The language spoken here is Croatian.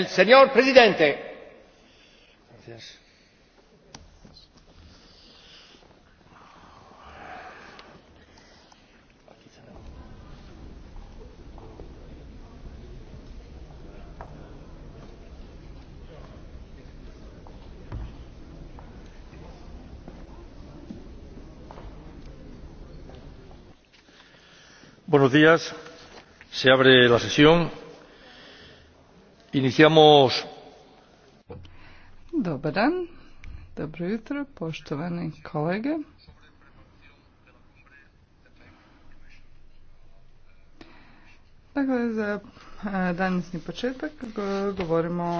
El señor presidente. Gracias. Buenos días. Se abre la sesión Iniciamos. Dobar dan, dobro jutro, poštovani kolege. Dakle, za danasni početak govorimo